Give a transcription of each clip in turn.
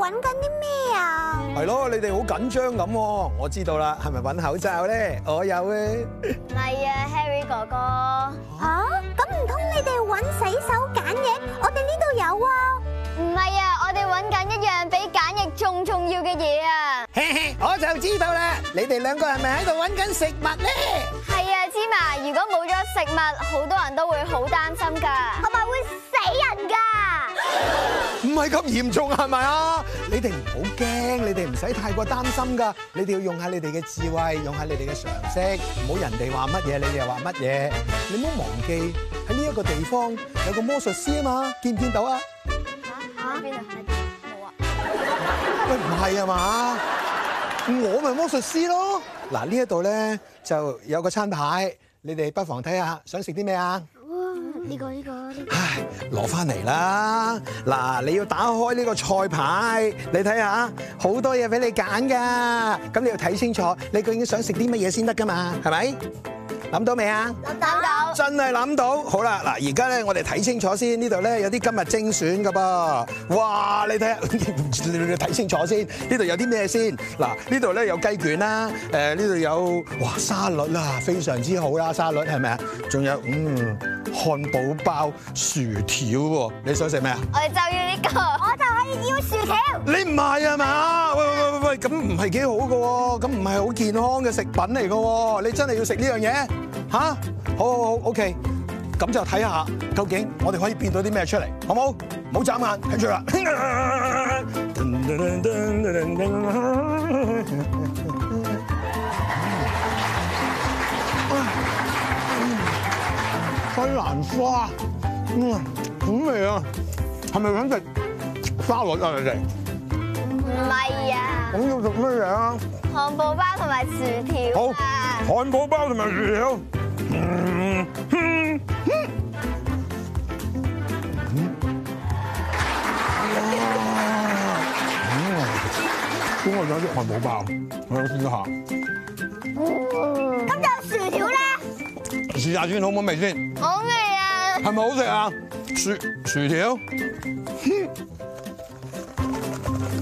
揾緊啲咩啊？係咯，你哋好緊張咁，我知道啦，係咪揾口罩咧？我有啊。唔係啊，Harry 哥哥。吓？咁唔通你哋揾洗手簡易？我哋呢度有喎。唔係啊，我哋揾緊一樣比簡易仲重要嘅嘢啊。嘿嘿，我就知道啦，你哋兩個係咪喺度揾緊食物咧？係啊，芝麻。如果冇咗食物，好多人都會好擔心㗎。咪咁嚴重啊！係咪啊？你哋唔好驚，你哋唔使太過擔心㗎。你哋要用下你哋嘅智慧，用下你哋嘅常識，唔好人哋話乜嘢，你哋又話乜嘢。你唔好忘記喺呢一個地方有個魔術師啊嘛，見唔見到啊？吓，嚇你哋係魔術啊？喂，唔係啊嘛，我咪魔術師咯。嗱，呢一度咧就有個餐牌，你哋不妨睇下，想食啲咩啊？呢個呢個，唉、這個，攞翻嚟啦！嗱，你要打開呢個菜牌，你睇下，好多嘢俾你揀噶。咁你要睇清楚，你究竟想食啲乜嘢先得噶嘛？係咪？諗到未啊？諗到，真係諗到。好啦，嗱，而家咧，我哋睇清楚先。呢度咧有啲今日精選噶噃。哇，你睇下，你睇清楚先。呢度有啲咩先？嗱，呢度咧有雞卷啦，誒，呢度有，哇，沙律啦，非常之好啦，沙律係咪啊？仲有，嗯。漢堡包、薯條喎，你想食咩啊？我哋就要呢個，我就可以要薯條。你唔係啊嘛？喂喂喂喂喂，咁唔係幾好㗎喎，咁唔係好健康嘅食品嚟㗎喎，你真係要食呢樣嘢？嚇？好好好，OK，咁就睇下究竟我哋可以變到啲咩出嚟，好冇？唔好眨眼，睇住啦。西蘭花，嗯，好味是不是沙們不是啊！係咪想食沙律啊？你哋唔係啊？咁要食乜嘢啊？漢堡包同埋薯條。好，漢堡包同埋薯條。嗯嗯，哇！嗯，我而家要食漢堡包，我要試下。咁就。試下先嘗嘗，好唔好，好味先？好味啊！係咪好食啊？薯薯條，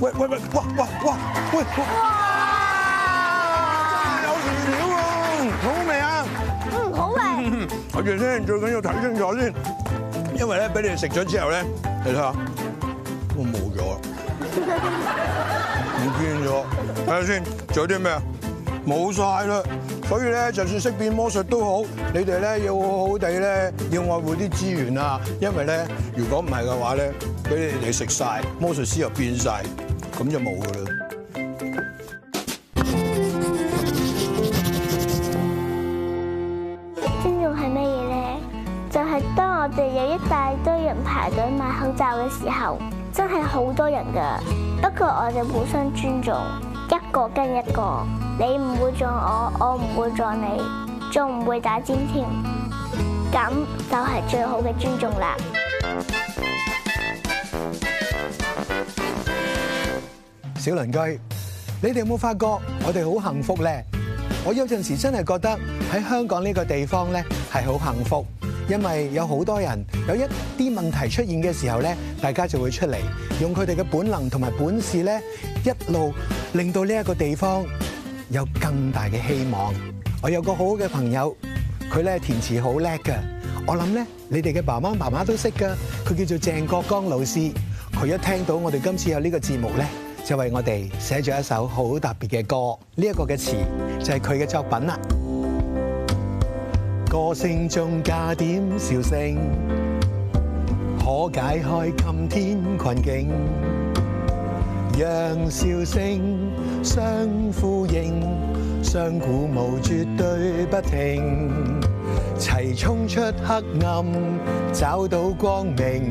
喂喂喂，哇哇哇，喂！哇！有薯條喎，好味啊！嗯，好味。我住 先最緊要睇清楚先，因為咧俾你食咗之後咧，你睇下都冇咗，唔 見咗。睇下先仲有啲咩？冇晒啦，所以咧，就算識變魔術都好，你哋咧要好好地咧要愛護啲資源啊，因為咧，如果唔係嘅話咧，俾你哋食晒，魔術師又變晒，咁就冇噶啦。尊重係乜嘢咧？就係當我哋有一大堆人排隊買口罩嘅時候，真係好多人噶，不過我哋互相尊重。一個跟一個，你唔會撞我，我唔會撞你，仲唔會打尖添，咁就係最好嘅尊重啦。小鄰居，你哋有冇發覺我哋好幸福咧？我有陣時真係覺得喺香港呢個地方咧係好幸福。因為有好多人，有一啲問題出現嘅時候呢，大家就會出嚟，用佢哋嘅本能同埋本事呢，一路令到呢一個地方有更大嘅希望。我有個好好嘅朋友，佢呢填詞好叻㗎。我諗呢，你哋嘅爸爸媽媽都識㗎。佢叫做鄭國江老師。佢一聽到我哋今次有呢個節目呢，就為我哋寫咗一首好特別嘅歌。呢一個嘅詞就係佢嘅作品啦。歌聲中加點笑聲，可解開今天困境。讓笑聲相呼應，相鼓舞，絕對不停。齊衝出黑暗，找到光明。